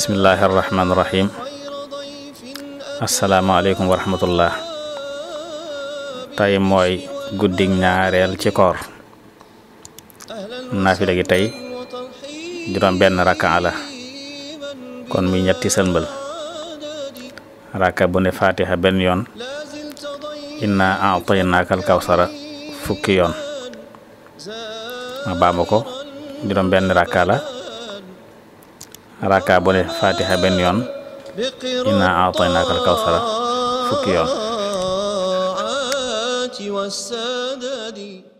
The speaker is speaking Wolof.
bismillaahi arrahmaani arrahiim asalaamaaleykum wa tey mooy guddi ñaareel ci koor naafila gi tey juróom benn rakka la kon mi ñetti sëlmbal rakka bu ne faatiha benn yoon inna a'taynaaka al kawsara fukki yoon ma baama ko juróom benn rakka la rakka bu ne fatiha benn yoon inna aataynaaka al kawsara fukki yoon